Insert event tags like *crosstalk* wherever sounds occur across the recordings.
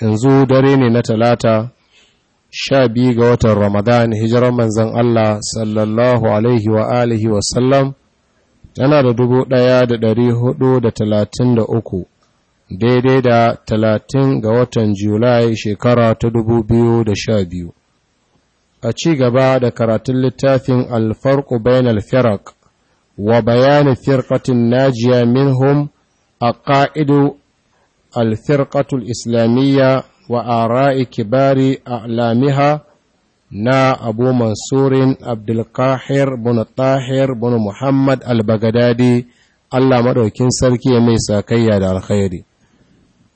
yanzu dare ne na talata sha biyu ga watan ramadan hijiran manzan Allah sallallahu alaihi wa alihi wasallam yana da dubu ɗaya da ɗari hudu da talatin da uku daidai da talatin ga watan julai shekara ta dubu biyu da sha biyu a ci gaba da karatun littafin alfarku bayan alfirak wa bayanin firkatin najiya minhum a ƙa'idu alfirƙatul islamiyya wa ara'i a Lamiha na abu mansurin abdulkahir bin tahir bin muhammad albagadadi allah maɗaukin sarki ya mai sakayya da alkhairi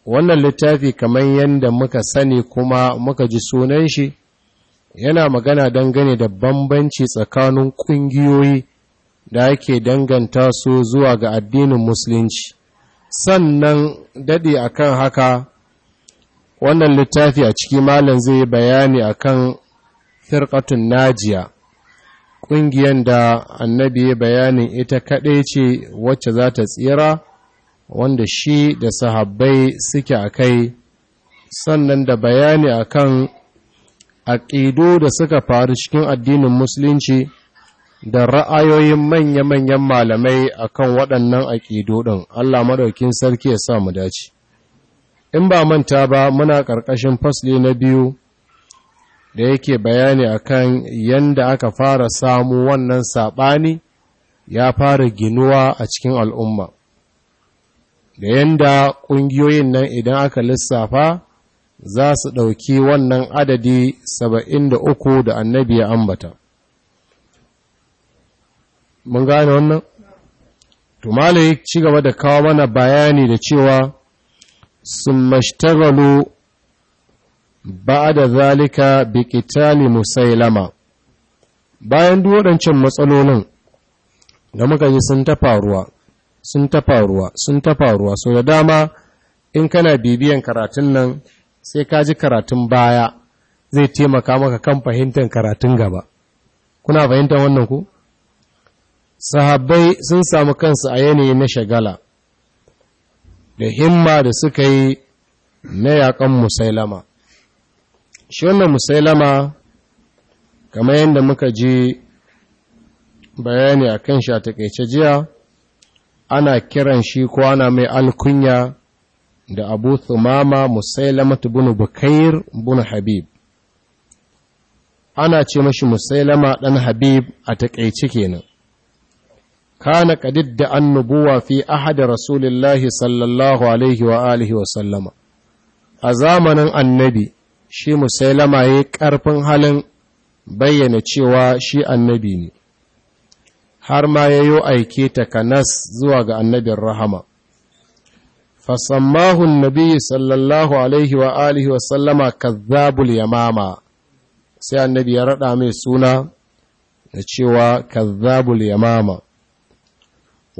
wannan littafi kamar yadda muka sani kuma muka ji sunan shi yana magana dangane da bambanci tsakanin ƙungiyoyi da ake danganta su zuwa ga addinin musulunci sannan daɗi akan haka wannan littafi a ciki malam zai bayani akan firqatun najiya ƙungiyar da annabi ya bayanin ita kaɗai ce wacce za ta tsira wanda shi da sahabbai suke a kai sannan da bayani akan aƙido da suka faru cikin addinin musulunci da ra'ayoyin manya-manyan malamai a kan waɗannan aƙidu Allah maɗaukin sarki ya sa mu dace in ba manta ba muna ƙarƙashin fasli na biyu da yake bayani a kan yadda aka fara samu wannan saɓani ya fara ginuwa a cikin al'umma da yadda ƙungiyoyin nan idan aka lissafa za su ɗauki wannan adadi saba'in da uku da annabi ya ambata mun gane wannan to malai ci gaba da kawo mana bayani da cewa sun mashtagalu ba da zalika bikitali musailama bayan duk matsalolin da muka ji sun ta sun ta sun ta faruwa so da dama in kana bibiyan karatun nan sai ka ji karatun baya zai taimaka maka kan fahimtar karatun gaba kuna fahimtar wannan ku sahabbai sun samu kansu a yanayi na shagala da himma da suka yi na yakan musailama shi wannan musailama kamar yadda muka ji bayani a kan shi a takaice jiya ana kiran shi ko ana mai alkunya da abu thumama ta bunu bukair bunu habib ana ce mashi musailama ɗan habib a takaice kenan كان قد da annubuwa في ahad rasulillahi sallallahu alaihi wa عليه wa sallama a zamanin annabi shi musailama yayi karfin halin bayyana cewa shi annabi ne har ma yayo aike ta kanas zuwa ga annabin rahama fasammahu annabi sallallahu alaihi wa alihi wa sallama kazzabul yamama sai annabi ya rada mai suna da cewa kazzabul yamama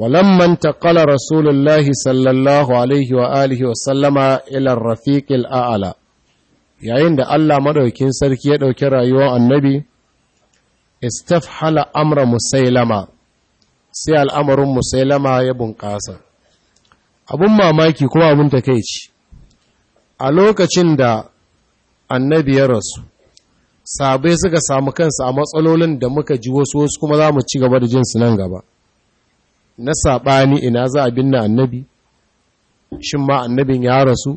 ولما انتقل رسول الله صلى الله عليه yayin da Allah madaukin sarki ya ɗauki rayuwar annabi istafhala amra musailama sai al'amarin musailama ya bunƙasa abun mamaki kuma abun takeici a lokacin da annabi ya rasu sabai suka samu kansa a matsalolin da muka ji wasu wasu kuma za mu ci gaba da jinsu nan gaba na saɓani ina za a binne annabi shin ma annabin ya rasu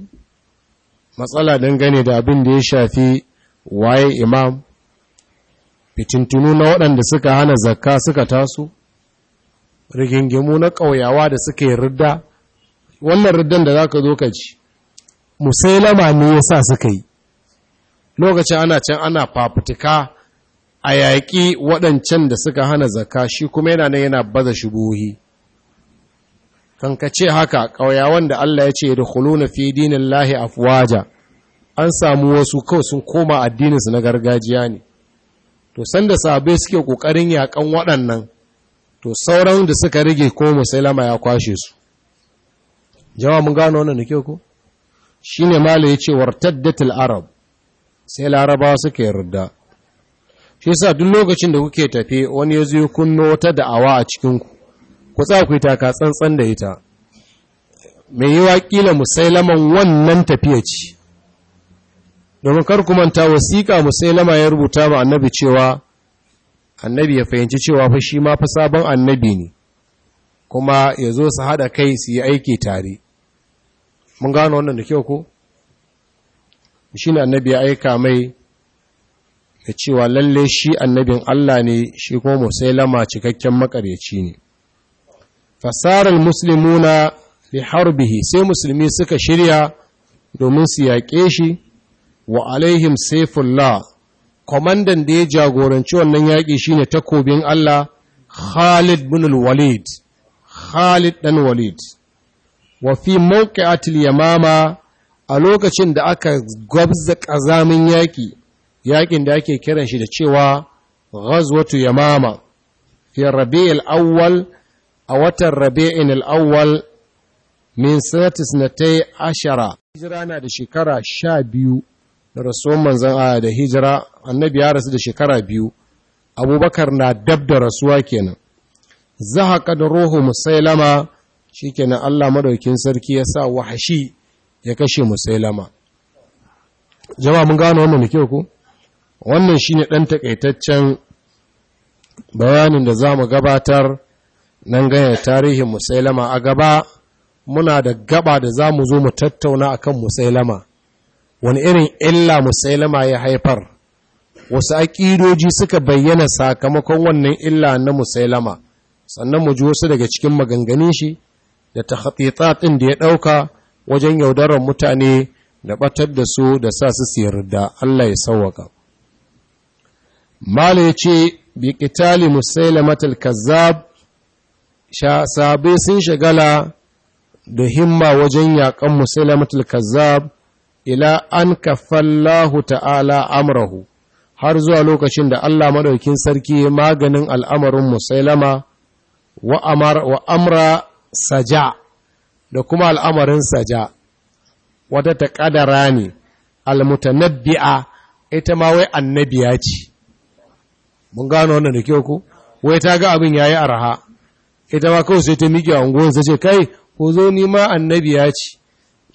matsala dangane da abin da ya shafi waye imam fitintunu na waɗanda suka hana zakka suka taso rigingimu na ƙauyawa da suka yi ridda wannan riddan da za ka zo ka ci musailama ne ya sa suka yi lokacin ana can ana fafutuka a yaƙi waɗancan da suka hana zakka shi kuma yana nan yana baza shubuhi kan ka ce haka ƙauya wanda Allah ya ce da huluna fi dinin lahi afuwaja an samu wasu kawai sun koma addininsu na gargajiya ne to sanda sabe suke ƙoƙarin yaƙan waɗannan to sauran da suka rage ko musulama ya kwashe su jawa mun gano wannan da ku shi ne mala ya ce wartaddatul arab sai larabawa suka yarda shi sa duk lokacin da kuke tafe wani ya zo kunno ta da'awa a cikinku ku tsaya ku taka tsantsan da ita mai yi wakila musailaman wannan tafiya ce domin kar ku manta wasiƙa musailama ya rubuta ma annabi cewa annabi ya fahimci cewa fa shi ma fa sabon annabi ne kuma ya zo su haɗa kai su yi aiki tare mun gano wannan da kyau ko shi ne annabi ya aika mai da cewa lalle shi annabin Allah ne shi kuma musailama cikakken makaryaci ne fasarar muslimuna li harbihi sai musulmi suka shirya domin su yaƙe shi wa alaihim saifullah kwamandan da ya jagoranci wannan yaƙi shine takobin Allah Khalid bin walid Khalid ɗan walid wa fi mawqi'atil yamama a lokacin da aka gwabza ƙazamin yaƙi yaƙin da ake kiran shi da cewa ghazwatu yamama fi rabi'il awwal a watan rabi'in al'awwal min na ta ashara hijira na da shekara sha biyu da rasuwan manzan aya da hijira annabi ya rasu da shekara biyu abubakar na dab da rasuwa kenan za ka da ruhu musailama kenan Allah madaukin sarki ya sa wahashi ya kashe musailama Jam'a mun gano wannan kyau ku wannan shi ne ɗan takaitaccen bayanin da za mu gabatar nan gane tarihin musailama a gaba muna da gaba da za mu zo mu tattauna a kan musailama wani irin illa musailama ya haifar wasu aƙidoji suka bayyana sakamakon wannan illa na musailama sannan mu ji wasu daga cikin maganganin shi da ta ɗin da ya ɗauka wajen yaudarar mutane da ɓatar da su da sa su yarda Allah ya sauwaka. Mala ya ce, bi ƙitali musailamatul kazzab sabe sun shigala da himma wajen yaƙan musulmatul kazzab ila an kafallahu ta'ala amrahu har zuwa lokacin da Allah maɗaukin sarki maganin al'amarin musulama wa amra saja da kuma al'amarin saja wata ta ƙadara ne almutanabbi'a ita ma wai annabiya ce mun gano wannan da kyau ku wai ta ga abin yayi arha ita ma kawai sai ta miƙe a unguwar ce kai ko zo ni ma annabi ya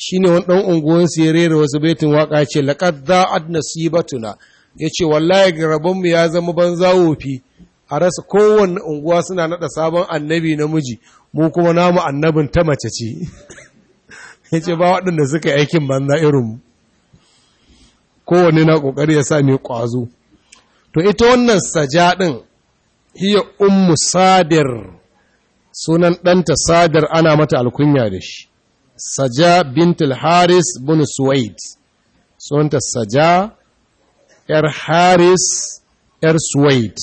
Shi ne wani ɗan unguwan su ya rera wasu baitin waka ce laqad da'at nasibatuna yace wallahi rabon mu ya zama ban banza wofi a rasa kowane unguwa suna naɗa sabon annabi namiji mu kuma namu annabin ta mace ce *laughs* Ya ce ba waɗanda suka yi aikin banza irin mu kowanne na kokari ya sa mai kwazo to ita wannan saja ɗin hiya ummu sadir sunan ɗanta sadar ana mata alkunya da shi saja bintul haris bin suwaid sunanta saja ‘yar haris ‘yar suwaid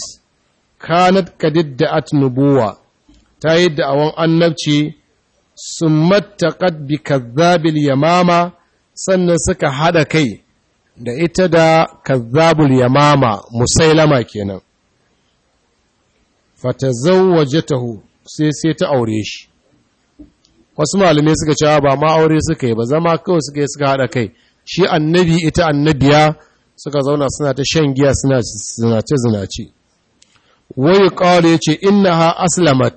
kanat kadidda at nubuwa ta yi da'awan annabci sun mattaƙad bi kazzabil yamama sannan suka haɗa kai da ita da kazzabul yamama musailama kenan Fata fatazawwajatahu sai sai ta aure shi wasu malamai suka ce ba ma aure suka yi ba zama kawai suka yi suka haɗa kai shi annabi ita annabiya suka zauna suna ta shan giya suna zinace zinace wai qala yace innaha aslamat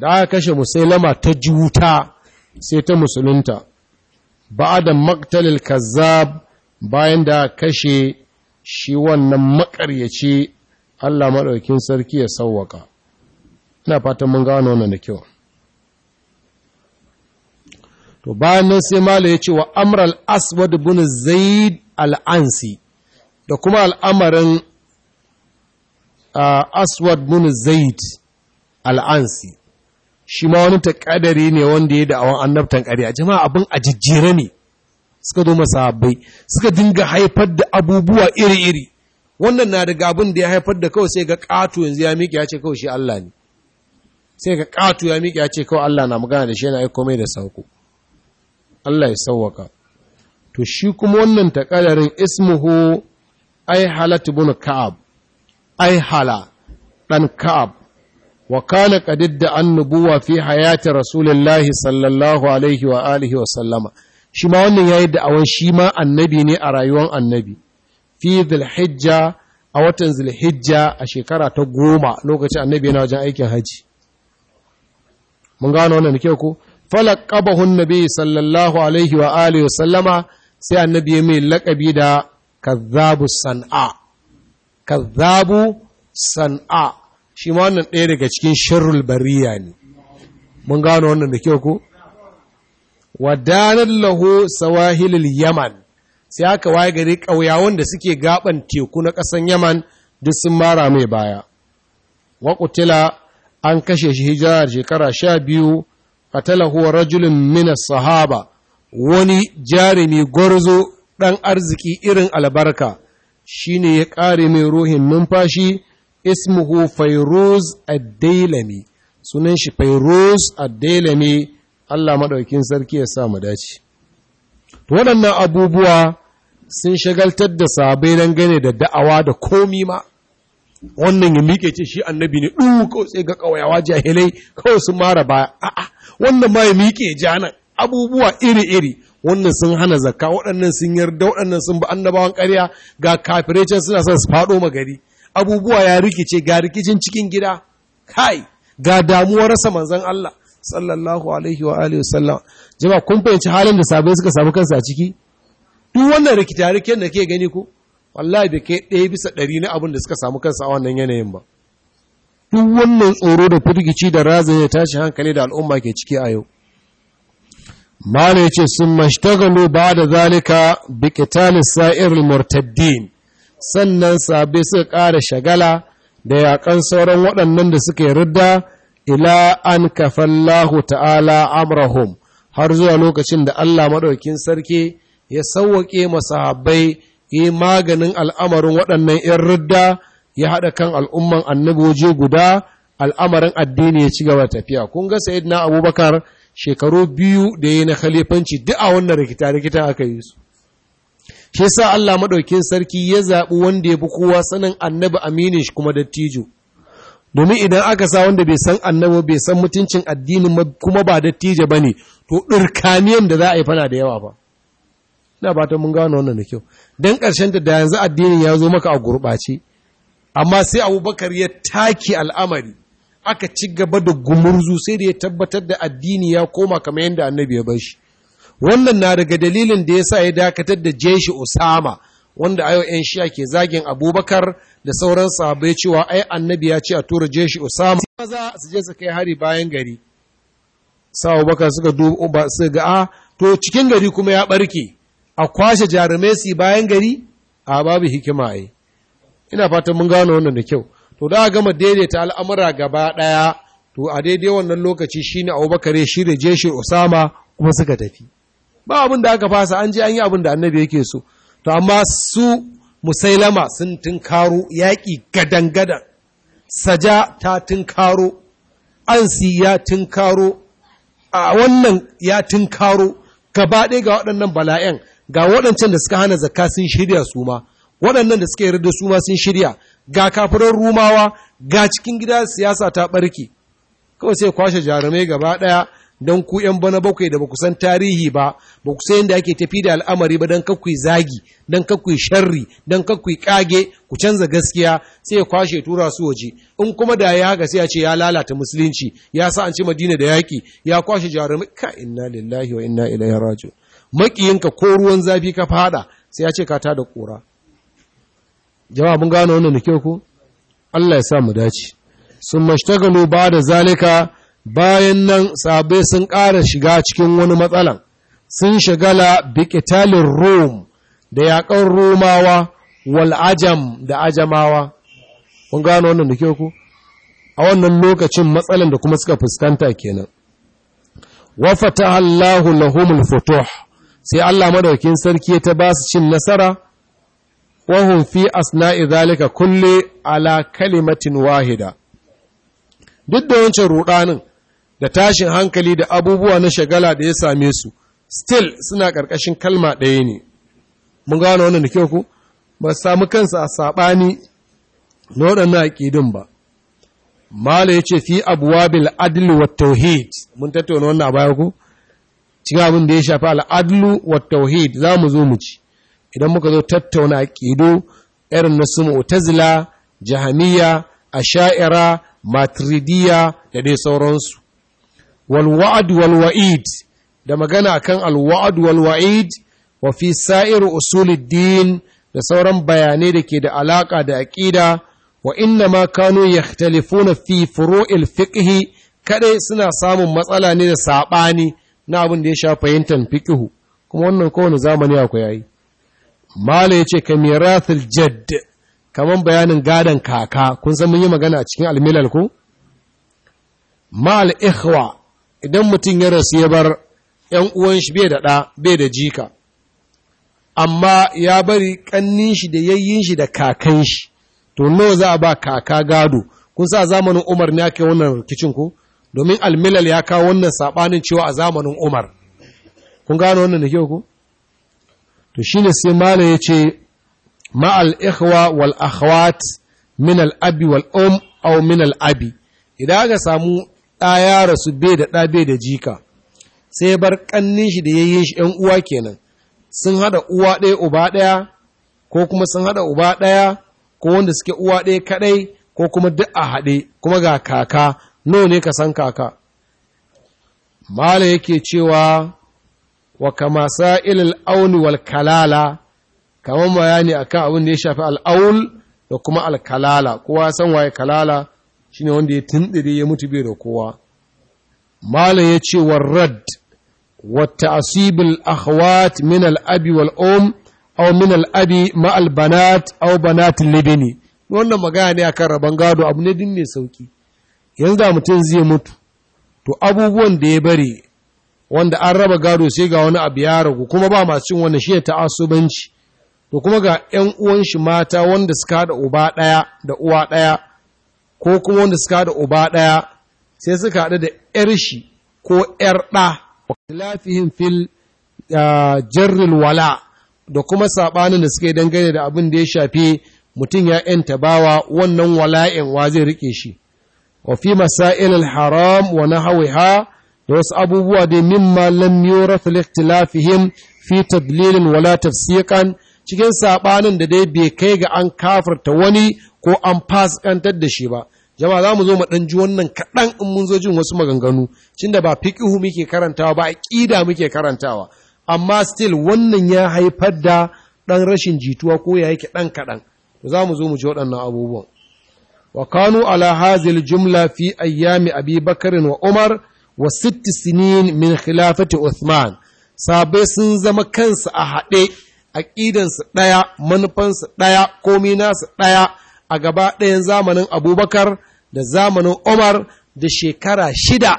da aka kashe musailama ta juta sai ta musulunta ba'da maqtalil kazzab bayan da kashe shi wannan makaryaci Allah maɗaukin sarki ya sauwaka ina fatan mun gano wannan da kyau to bayan nan sai mala ya ce wa amral aswad bin zaid al-Ansi da kuma al'amarin ah, aswad bin zaid al'ansi shi ma wani takadari ne wanda ya da'awan annabtan ƙarya jama'a abin a ne suka zo masahabbai suka dinga haifar da abubuwa iri-iri wannan na daga abin da ya haifar da kawai sai ga ƙato yanzu ya miƙe ya ce kawai shi Allah ne sai ka katu ya miƙe ya ce kawai Allah na magana da shi yana aiko mai da sauko Allah ya sauwaka to shi kuma wannan takadarin ismuhu ai halat ibn ka'ab ai hala dan ka'ab wa kana da annubuwa fi hayati rasulillahi sallallahu alaihi wa alihi wa sallama shi ma wannan yayi da'awan shi ma annabi ne a rayuwar annabi fi zilhijja a watan zilhijja a shekara ta goma lokacin annabi yana wajen aikin haji mun gano wannan kyau ko falaqabahu annabi sallallahu alaihi wa alihi sallama sai annabi ya mai lakabi da kazzabu san'a kazzabu san'a shi ma wannan ɗaya daga cikin sharrul bariya ne mun gano wannan da kyau ko wadanar lahu yaman sai aka waye gari ƙauyawan da suke gaban teku na ƙasan yaman duk sun mara mai baya wa kutila an kashe shi hijirar shekara sha biyu qatalahu rajulun mina sahaba wani jarumi gwarzo ɗan arziki irin albarka shi ne ya ƙare mai ruhin numfashi ismuhu fairuz ad sunan shi fairuz ad Allah maɗaukin sarki ya sa mu dace waɗannan abubuwa sun shagaltar da sabai don gane da da'awa da komi ma wannan ya miƙe ce shi annabi ne ɗu kawai sai ga ƙawayawa jahilai kawai sun mara baya a'a wannan ma ya miƙe ja nan abubuwa iri-iri wannan sun hana zakka waɗannan sun yarda waɗannan sun ba annabawan ƙarya ga kafirai suna son su faɗo magari abubuwa ya rikice ga rikicin cikin gida kai ga damuwar rasa manzon Allah sallallahu alaihi wa alihi wasallam jama'a kun fahimci halin da sabai suka samu kansu a ciki duk wannan rikita rikin da ke gani ko wallahi da ke ɗaya bisa ɗari na abin da suka samu kansa a wannan yanayin ba duk wannan tsoro da firgici da razan ya tashi hankali da al'umma ke ciki a yau mala ce sun mashtagalu ba da zalika bi qitalis sa'ir murtaddin sannan sabe suka ƙara shagala da yaƙan sauran waɗannan da suka yi yarda ila an kafallahu ta'ala amrahum har zuwa lokacin da Allah maɗaukin sarki ya sauwaƙe masahabbai yi maganin al'amarin waɗannan ‘yan ridda ya haɗa kan al'umman waje guda al'amarin addini ya ci gaba tafiya. Kun ga Sayid na Abubakar shekaru biyu da ya yi na khalifanci duk a wannan rikita-rikita aka yi su. Shi sa Allah maɗaukin sarki ya zaɓi wanda ya fi kowa sanin annabi aminin shi kuma dattijo. Domin idan aka sa wanda bai san annabi bai san mutuncin addinin kuma ba dattijo ba ne, to ɗurkaniyan da za a yi fana da yawa ba. ina fatan mun gano wannan da kyau dan ƙarshen ta da yanzu addinin ya zo maka a gurɓace amma sai abubakar ya taki al'amari aka ci gaba da gumurzu sai da ya tabbatar da addini ya koma kamar yadda annabi ya bashi wannan na daga dalilin da ya sa ya dakatar da jeshi usama wanda ayo yan shiya ke zagin abubakar da sauran sahabbai cewa ai annabi ya ce a tura jeshi usama maza su je su kai hari bayan gari sa abubakar suka duba suka ga a ah, to cikin gari kuma ya barke a kwashe jarumai su bayan gari a babu hikima ai ina fatan mun gano wannan da kyau to da gama daidaita al'amura gaba daya to a daidai wannan lokaci shine Abubakar shi shirye jeshi Usama kuma suka tafi ba abin da aka fasa an je an yi abin da annabi yake so to amma su musailama sun tunkaro yaƙi gadan-gadan saja ta tunkaro ansi ya tunkaro a wannan ya tunkaro gaba ga waɗannan bala'en ga waɗancan da suka hana zakka sun shirya su ma waɗannan da suka yarda su ma sun shirya ga kafiran rumawa ga cikin gida siyasa ta ɓarke kawai sai kwashe jarumai gaba ɗaya don ku ‘yan bana bakwai da ba ku san tarihi ba ba ku san yadda ake tafi da al'amari ba don kakwai zagi don kakwai sharri don kakwai kage ku canza gaskiya sai ya kwashe tura su waje in kuma da ya haka sai ya ce ya lalata musulunci ya sa an ci madina da yaƙi ya kwashe jarumai ka inna lillahi wa inna ilaihi raji'un makiyinka ko ruwan zafi ka fada sai ya ce ka tada kura jama'a mun gano wannan nake ku Allah ya sa mu dace sun mashtagalu ba da zalika bayan nan sabai sun ƙara shiga cikin wani matsalan sun shagala bikitalin Rome da yaƙan Romawa wal ajam da ajamawa kun gano wannan da ku a wannan lokacin matsalan da kuma suka fuskanta kenan wa fataha Allahu lahumul futuh sai Allah madaukin sarki ta ba su cin nasara wahum fi asna'i zalika kulle ala kalimatin wahida duk da wancan rudanin da tashin hankali da abubuwa na shagala da ya same su still suna ƙarƙashin kalma ɗaya ne mun gano wannan da kyau ku ba samu kansa a saɓani na wadannan aƙidin ba mala yace ce fi abwabil adl wa tauhid mun tattauna wannan a baya ku cikin abin da ya shafi al'adlu wa tauhid za mu zo mu ci idan muka zo tattauna aqidu irin na su mu'tazila jahamiya asha'ira matridiya da dai sauransu wal Walwa'id, da magana kan alwa'ad Walwa'id, wa fi sa'ir usulid-din da sauran bayanai da ke da alaƙa da aƙida, wa inna ma kano ya fi furu'il fiqh kaɗai suna samun matsala ne da saɓani. na abin da ya sha fahimtar fikihu kuma wannan kowane zamani akwai yayi mala ya ce ka mirathul jadd kamar bayanin gadon kaka kun san mun yi magana a cikin almilal ko mal ikhwa idan mutum ya rasu ya bar ‘yan uwan shi bai da ɗa, bai da jika, amma ya bari ƙannin shi da yayyin shi da kakan shi, to nawa za a ba kaka gado, kun sa zamanin Umar ne ake wannan rikicin ko? domin almilal ya kawo wannan saɓanin cewa a zamanin umar kun gano wannan da kyau ku to shine sai malam ya ce ma'al ikhwa wal akhwat min al abi wal um aw min al abi idan aka samu ɗaya rasu bai da ɗa bai da jika sai bar ƙannin shi da yayin shi ‘yan uwa kenan sun haɗa uwa ɗaya uba ɗaya ko kuma sun haɗa uba ɗaya ko wanda suke uwa ɗaya kaɗai ko kuma duk a haɗe kuma ga kaka no ne ka san kaka mala yake cewa wa kama sa'ilil auni wal kalala kamar bayani akan abin da ya shafi al'aul da kuma alkalala kowa san waye kalala shine wanda ya tindire ya mutu da kowa mala ya ce wa rad wa ahwat akhwat min al abi wal um aw min al abi ma al banat aw banat wannan magana ne akan rabon gado abu ne din ne sauki yanzu da mutum zai mutu to abubuwan da ya bari wanda an raba gado sai ga wani abu ya ragu kuma ba masu cin wani shi ta'assubanci to kuma ga ƴan uwan shi mata wanda suka haɗa uba ɗaya da uwa ɗaya ko kuma wanda suka haɗa uba ɗaya sai suka haɗu da 'yar shi ko 'yar ɗa lafihin fil ah, jarril wala da kuma saɓanin da suke dangane da abin da ya shafi mutum ya ‘yanta bawa wannan wala'in wa zai rike shi wa fi masailil haram wa nahwiha da wasu abubuwa da mimma lam yurath likhtilafihim fi tadlilin wala tafsiqan cikin sabanin da dai bai kai ga an kafarta wani ko an fasikantar da shi ba jama'a za mu zo mu ɗan ji wannan kaɗan in mun zo jin wasu maganganu cinda ba fiƙihu muke karantawa ba aƙida muke karantawa amma still wannan ya haifar da ɗan rashin jituwa ko ya yake ɗan kaɗan za mu zo mu ji waɗannan abubuwan wa kanu ala hazil jumla fi ayyami abi wa umar wa sitti min khilafati uthman sabai sun zama kansu a haɗe aƙidansu ɗaya manufansu ɗaya komi nasu ɗaya a gaba ɗayan zamanin abubakar da zamanin umar da shekara shida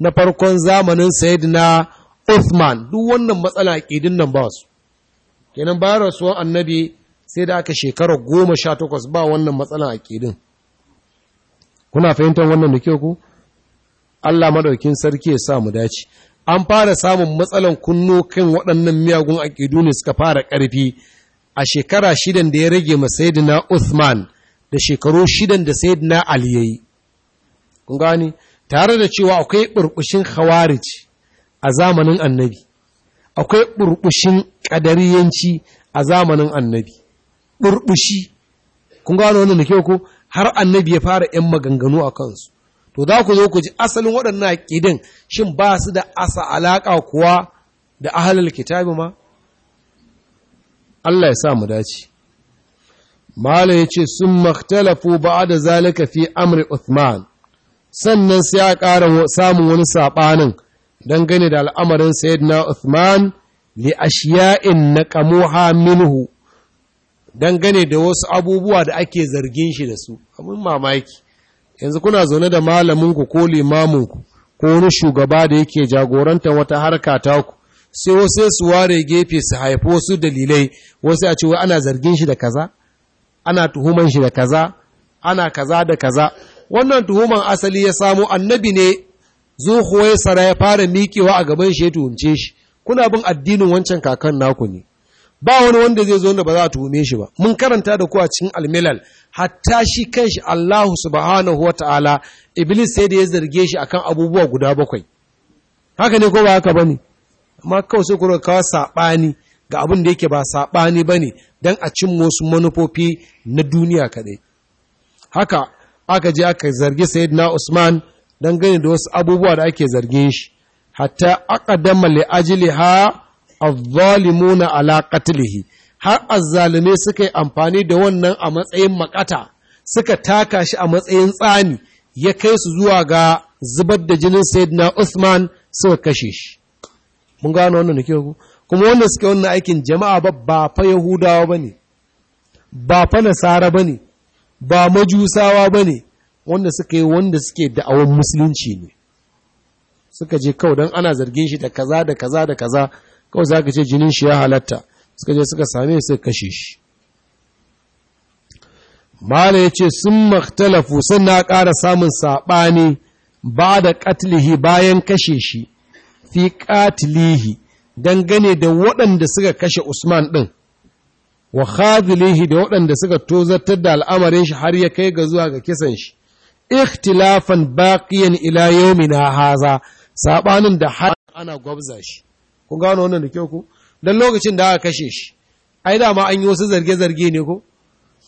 na farkon zamanin sayidina uthman duk wannan matsala ƙidin nan ba su kenan bayan rasuwan annabi sai da aka shekara goma sha takwas ba wannan matsala ƙidin. kuna fahimtar wannan da kyau ko Allah madaukin sarki ya sa mu dace an fara samun matsalan kunno kan waɗannan miyagun aqidu ne suka fara ƙarfi a shekara shidan da ya rage ma sayyidina Uthman da shekaru shidan da sayyidina Ali yayi kun gani tare da cewa akwai burbushin khawarij a zamanin annabi akwai burbushin kadariyanci a zamanin annabi burbushi kun gano wannan da kyau ko har annabi ya fara ‘yan maganganu a kansu, to za ku zo ku ji asalin waɗannan ƙidin shin ba su da asa alaƙa kuwa da ahalar kitabi ma? Allah ya sa mu dace. Mala ya ce, Sun maktalafu ba da zalika fi amri Uthman, sannan sai a ƙara samun wani saɓanin dangane da al'amarin Sayyidina Uthman li ashiya'in na ƙamuha minhu. dangane da wasu abubuwa da ake zargin shi da su abin mamaki yanzu kuna zaune da malaminku ko limaminku ko wani shugaba da yake jagoranta wata harka taku sai wasu su ware gefe su haifo wasu dalilai wasu a cewa ana zargin shi da kaza ana tuhuman shi da kaza ana kaza da kaza wannan tuhuman asali ya samu annabi ne zuhuwai sara ya fara miƙewa a gaban shi ya tuhumce shi kuna bin addinin wancan kakan naku ne ba wani wanda zai zo da ba za a tuhume shi ba mun karanta da kuwa cikin almilal hatta shi kanshi Allahu subhanahu wa ta'ala iblis sai da ya zarge shi akan abubuwa guda bakwai haka ne ko ba haka bane amma kawai sai ku kawo sabani ga abin da yake ba sabani bane dan a cin wasu manufofi na duniya kadai haka aka je aka zargi sayyidina Usman dan gane da wasu abubuwa da ake zargin shi hatta aqadama li ajliha الظالمون على قتله har azzalume suka yi amfani da wannan a matsayin makata suka taka shi a matsayin tsani ya kai su zuwa ga zubar da jinin na Usman suka kashe shi mun gano wannan nake ku kuma wanda suka wannan aikin jama'a ba ba fa yahudawa bane ba fa nasara bane ba majusawa bane wanda suka yi wanda suke da'awar musulunci ne suka je kawai don ana zargin shi da kaza da kaza da kaza kawai za ka ce jinin shi ya halatta suka je suka same su kashe shi mala ya ce sun maktalafu na ƙara samun saɓani ba da ƙatilihi bayan kashe shi fi ƙatilihi dangane da waɗanda suka kashe usman ɗin wa khadilihi da waɗanda suka tozartar da al'amarin shi har ya kai ga zuwa ga kisan shi ikhtilafan baqiyan ila yawmina haza saɓanin da har ana gwabza shi kun gano wannan da kyau ko dan lokacin da aka kashe shi ai dama an yi wasu zarge-zarge ne ko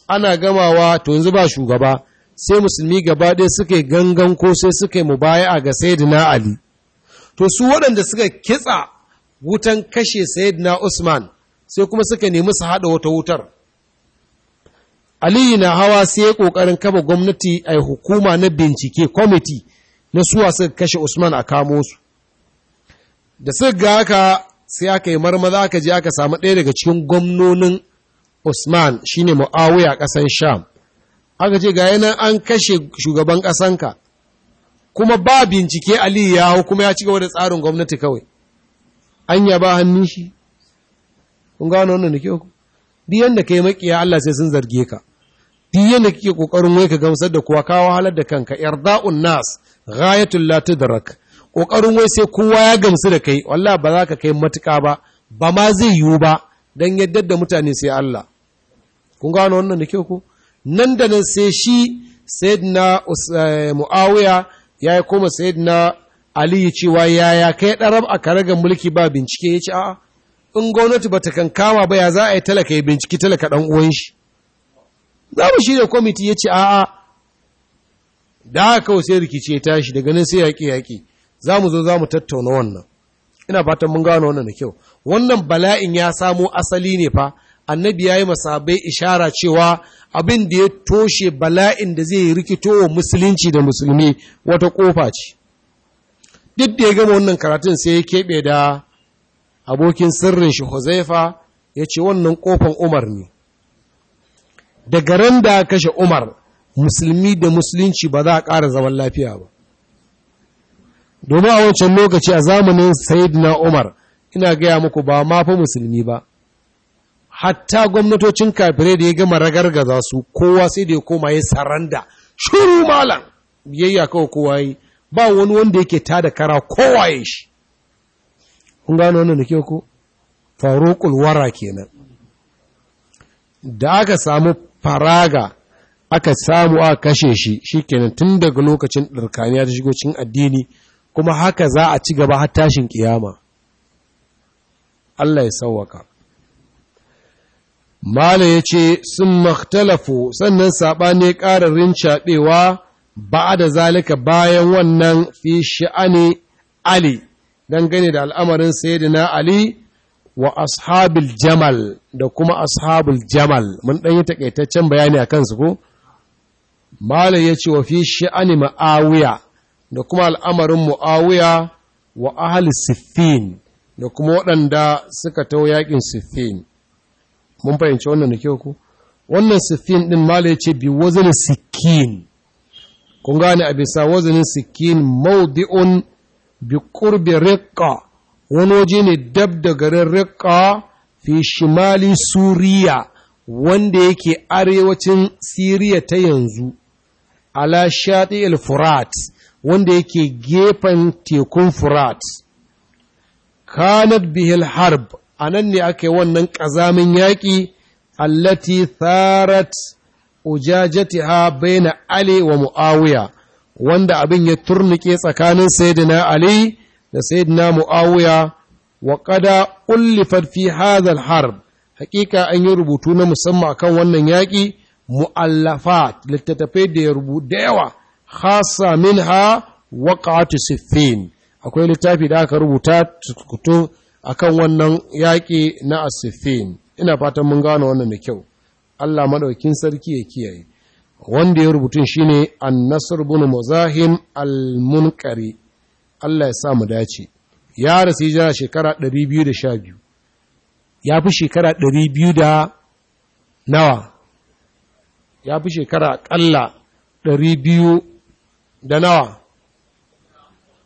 ana gamawa to yanzu ba shugaba sai musulmi gaba ɗaya suka yi gangan ko sai suka yi mubaya'a ga sayyidina ali to su waɗanda suka kitsa wutan kashe sayyidina usman sai kuma suka nemi su haɗa wata wutar aliyu na hawa sai ya ƙoƙarin kafa gwamnati a hukuma na bincike kwamiti na suwa suka kashe usman a kamo su da su ga haka sai aka yi marmaza aka je aka samu ɗaya daga cikin gwamnonin Usman shine Muawiya ƙasan Sham aka ce ga yanar an kashe shugaban ƙasanka kuma ba bincike Ali ya hau kuma ya ci gaba da tsarin gwamnati kawai an yaba hannun shi kun gano wannan da kyau duk yanda kai makiya Allah sai sun zarge ka duk yanda kike kokarin wai ka gamsar da kuwa ka halar da kanka irda'un nas ghayatul la tudrak ƙoƙarin wai sai kowa ya gamsu da kai wallah ba za ka kai matuka ba ba ma zai yiwu ba don yadda da mutane sai Allah kun gano wannan da kyau ko nan da nan sai shi sayyidina eh, muawiya ya yi koma na ali cewa yaya kai ɗarab a karagar mulki ba bincike ya ce a'a in gwamnati ba ta kankama ba ya za a yi talaka ya binciki talaka ɗan uwan shi za mu shirya kwamiti ya ce a'a da haka kawai sai rikici ya tashi daga nan sai yaƙi yaƙi za mu zo za mu tattauna wannan ina fatan mun gano wannan da kyau wannan bala'in ya samo asali ne fa annabi ya yi masabai ishara cewa abin da ya toshe bala'in da zai rikito wa musulunci da musulmi wata kofa ce duk da ya gama wannan karatun sai ya keɓe da abokin sirrin shi huzaifa ya ce wannan kofan umar ne daga ran da kashe umar musulmi da musulunci ba za a ƙara zaman lafiya ba domin a wancan lokaci a zamanin na umar ina gaya muku ba ma musulmi ba hatta gwamnatocin kafirai da ya gama ragargaza su kowa sai da ya koma ya saranda shuru malam biyayya kawai kowa yi ba wani wanda yake tada kara kowa ya shi kun gano wannan da ke ku? faruqul wara kenan da aka samu faraga aka samu aka kashe shi kenan tun daga lokacin ɗarkaniya ta shigo addini kuma haka za a ci gaba har tashin kiyama Allah ya sauwaka Mala ya ce, Sun maktalafu sannan saɓani ƙararin caɓewa ba da zalika bayan wannan fi sha'ani Ali, dangane da al'amarin Sayyidina Ali wa ashabil jamal da kuma ashabul jamal, mun ɗanyi taƙaitaccen bayani a kansu ko? Mala ya ce wa fi sha'ani ma'awiya da kuma al'amarin mu'awuya wa ahli siffin da kuma waɗanda suka tau yaƙin siffin mun fahimci wannan da kyau ku wannan siffin ɗin mala ce bi wazin sikin kun gane a bisa wazanin sikin maudi'un bi ƙurbi riƙa wani waje ne dab da garin riƙa fi shimali suriya wanda yake arewacin siriya ta yanzu ala shaɗi furat wanda yake gefen tekun furat kanat bihil harb a nan ne aka yi wannan ƙazamin yaƙi allati tharat ujajatiha baina ali wa mu'awiya wanda abin ya turnike tsakanin sayyidina ali da sayyidina mu'awiya wa qada ullifat fi hadha harb hakika an yi rubutu na musamman akan wannan yaƙi mu'allafat littattafai da ya rubu da yawa khassa minha waqa'atu siffin akwai littafi da aka rubuta tukutu akan wannan yaƙi na asiffin ina fatan mun gano wannan da kyau Allah madaukin sarki ya kiyaye wanda ya rubutun shine an-nasr ibn muzahim al-munqari Allah ya sa mu dace ya rasu hijira shekara 212 ya fi shekara 200 da nawa ya fi shekara akalla 200 da nawa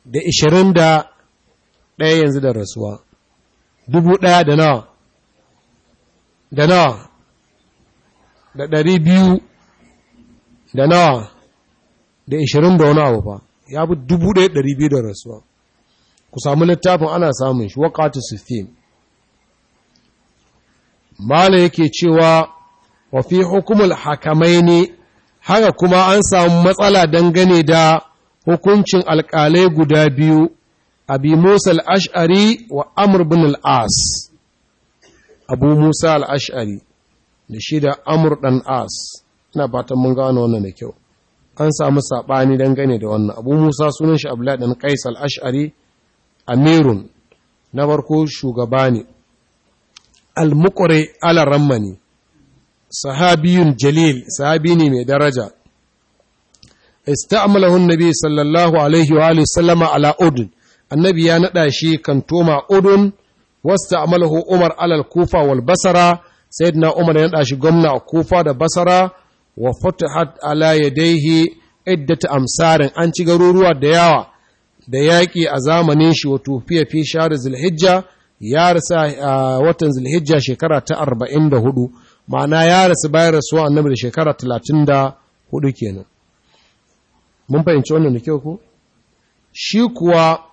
da ishirin da ɗaya yanzu da rasuwa dubu ɗaya da nawa da nawa da ɗari biyu da nawa da ishirin da wani abu fa? ya bi dubu ɗaya ɗari biyu da rasuwa ku samu littafin ana samun shi waƙatu sifin mala yake cewa wa fi hukumul hakamai ne haka kuma an samu matsala dangane da hukuncin alƙalai guda biyu abi musa al'ash'ari wa amur bin al'as abu musa al'ash'ari da shi da amur ɗan as ina batan mun gano wannan da kyau an samu saɓani dangane da wannan abu musa sunan shi abu laɗin ƙais al'ash'ari amirun na farko shugaba ne al-mukure ala ne sahabiyun jalil sahabi ne mai daraja ista'malahu nabi sallallahu alaihi wa sallama ala udun annabi ya nada shi kan toma udun wasta'malahu umar alal kufa wal basara sayyidina umar ya nada shi gwamna kofa kufa da basara wa fatahat ala yadayhi iddata amsarin an ci garuruwa da yawa da yaƙi a zamanin shi wa tufiya fi shahar zulhijja ya rasa a ah, watan zulhijja shekara ta arba'in da hudu ma'ana ya rasu bayan rasuwa annabi da shekara talatin da hudu kenan mun fahimci wannan da kyau ko shi kuwa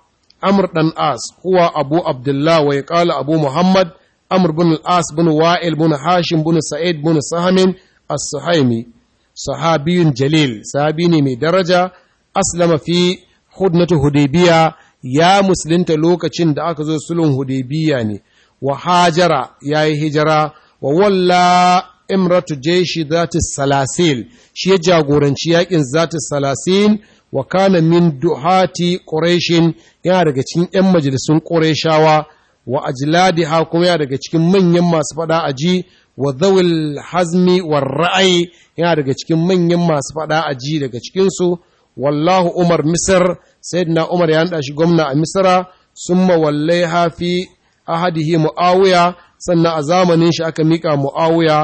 Amur dan as kuwa abu abdullah wa kala abu muhammad Amur bin al'as bin wa'il bin hashim bin sa'id bin sahamin as sahaimi sahabiyun jalil sahabi ne mai daraja aslama fi hudnatu hudaybiya ya musulunta lokacin da aka zo sulhun hudaybiya ne wa hajara yayi hijara. wa walla imratu jeshi zati salasil shi ya jagoranci yakin zati salasil wa kana min duhati quraishin yana daga cikin yan majalisun qurayshawa wa ajladiha kuma yana daga cikin manyan masu fada aji wa zawil hazmi war ra'ayi yana daga cikin manyan masu fada aji daga cikin su wallahu umar misr sayyidina umar ya nada shi gwamna a misra summa wallaiha fi ahadihi muawiya sannan a zamanin shi aka mika muawiya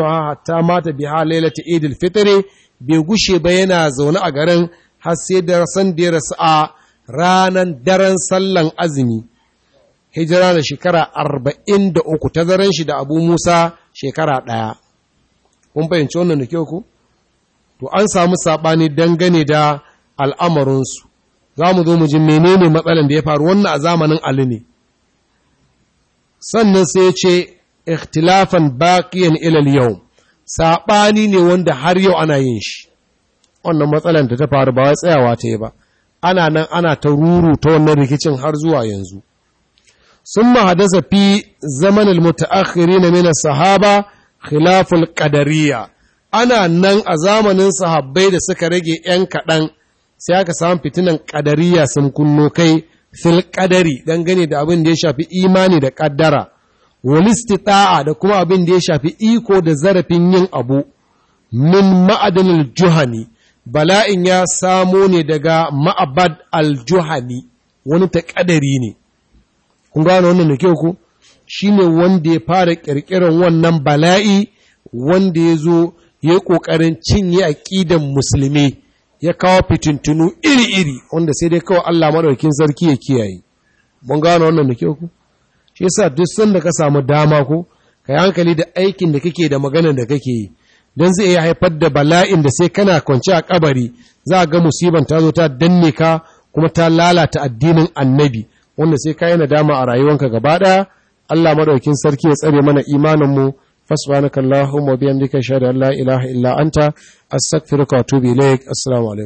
ha hatta mata biha lailati idil fitri bai gushe ba yana zaune a garin har sai da san da rasu a ranan daren sallan azumi hijira da shekara arba'in da uku tazaran shi da abu musa shekara ɗaya kun fahimci wannan da kyau ku to an samu saɓani dangane da al'amarinsu za mu zo mu ji menene matsalan da ya faru wannan a zamanin ali ne sannan sai ce ikhtilafan baqiyan ilal yau saɓani ne wanda har yau ana yin shi wannan matsalar da ta faru ba wai tsayawa ta yi ba ana nan ana ta ruru ta wannan rikicin har zuwa yanzu Sun ثم حدث في na mina sahaba الصحابة خلاف Ana nan a zamanin sahabbai da suka rage ‘yan kaɗan sai aka samu fitinan ƙadariya sun kunno kai fil qadari dangane da abin da ya shafi imani da ƙaddara, wal istita'a da kuma abin da ya shafi iko da zarafin yin abu min ma'adanil juhani bala'in ya samo ne daga ma'abad Aljuhani juhani wani taƙadari ne kun gano wannan da kyau Shi shine wanda ya fara ƙirƙirar wannan bala'i wanda ya zo ya ƙoƙarin cinye aƙidan musulmi ya kawo fitintunu iri-iri wanda sai dai kawai Allah maɗaukin sarki ya kiyaye mun gano wannan da ku shi sa duk sanda ka samu dama ko ka yi hankali da aikin da kake da maganar da kake yi don zai iya haifar da bala'in da sai kana kwance a kabari za a ga musiban ta zo ta danne ka kuma ta lalata addinin annabi wanda sai ka yi nadama a rayuwanka gaba ɗaya Allah maɗaukin sarki ya tsare mana imanin mu fasbanaka Allahumma bihamdika shahada la ilaha illa anta astaghfiruka wa atubu ilaik assalamu alaikum